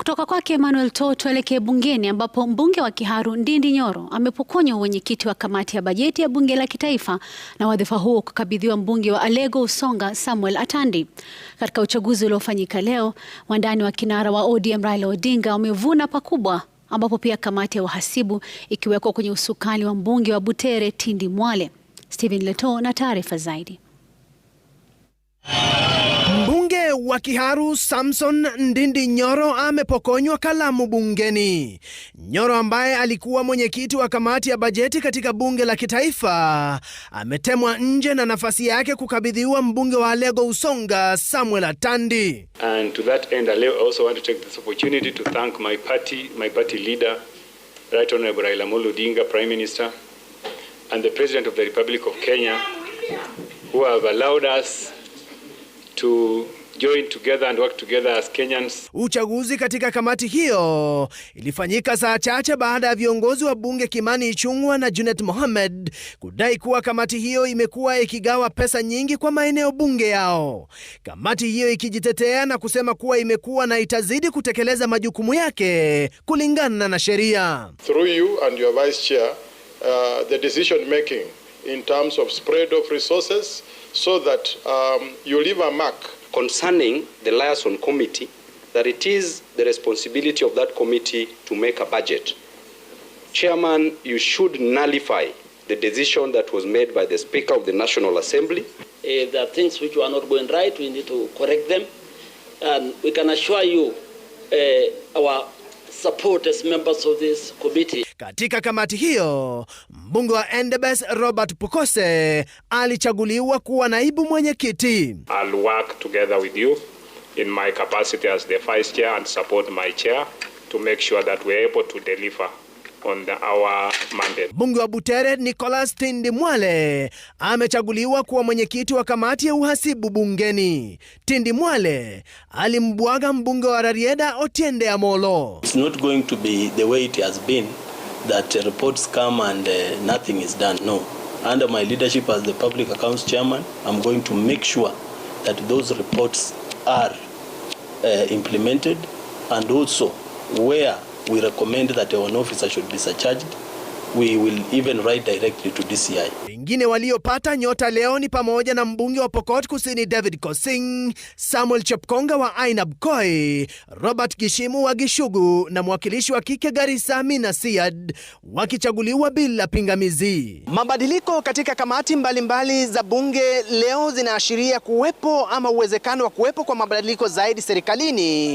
Kutoka kwake Emmanuel To, tuelekee bungeni ambapo mbunge wa Kiharu Ndindi Nyoro amepokonywa uwenyekiti wa kamati ya bajeti ya bunge la kitaifa na wadhifa huo kukabidhiwa mbunge wa Alego Usonga Samuel Atandi. Katika uchaguzi uliofanyika leo, wandani wa kinara wa ODM Raila Odinga wamevuna pakubwa ambapo pia kamati ya uhasibu ikiwekwa kwenye usukani wa mbunge wa Butere Tindi Mwale. Stephen Leto na taarifa zaidi wa Kiharu Samson Ndindi Nyoro amepokonywa kalamu bungeni. Nyoro ambaye alikuwa mwenyekiti wa kamati ya bajeti katika bunge la kitaifa ametemwa nje na nafasi yake kukabidhiwa mbunge wa Alego Usonga Samuel Atandi. And to that end, I also want to take this opportunity to thank my party, my party leader, Right Honorable Raila Amolo Odinga, Prime Minister, and the President of the Republic of Kenya who have allowed us to join together and work together as Kenyans. Uchaguzi katika kamati hiyo ilifanyika saa chache baada ya viongozi wa bunge Kimani Ichung'wa na Junet Mohamed kudai kuwa kamati hiyo imekuwa ikigawa pesa nyingi kwa maeneo bunge yao. Kamati hiyo ikijitetea na kusema kuwa imekuwa na itazidi kutekeleza majukumu yake kulingana na sheria. Through you and your vice chair, uh, the decision making in terms of spread of resources so that um, you leave a mark concerning the liaison committee that it is the responsibility of that committee to make a budget. Chairman, you should nullify the decision that was made by the Speaker of the National Assembly. If eh, there are things which are not going right, we need to correct them. And we can assure you uh, our support as members of this committee. Katika kamati hiyo, mbunge wa Endebess Robert Pukose alichaguliwa kuwa naibu mwenyekiti. I'll work together with you in my capacity as the vice chair and support my chair to make sure that we're able to deliver on the, our mandate. Mbunge wa Butere Nicholas mwale amechaguliwa kuwa mwenyekiti wa kamati ya uhasibu bungeni. Mwale alimbwaga mbunge wa Rarieda Otiende Amolo. It's not going to be the way it has been that reports come and uh, nothing is done. No. Under my leadership as the public accounts chairman, I'm going to make sure that those reports are uh, implemented and also where we recommend that an officer should be surcharged. We will even write directly to DCI. Wengine waliopata nyota leo ni pamoja na mbunge wa Pokot Kusini David Kosing, Samuel Chepkonga wa Ainab Koi, Robert Gishimu wa Gishugu na mwakilishi wa kike Garissa Amina Siad wakichaguliwa bila pingamizi. Mabadiliko katika kamati mbalimbali mbali za bunge leo zinaashiria kuwepo ama uwezekano wa kuwepo kwa mabadiliko zaidi serikalini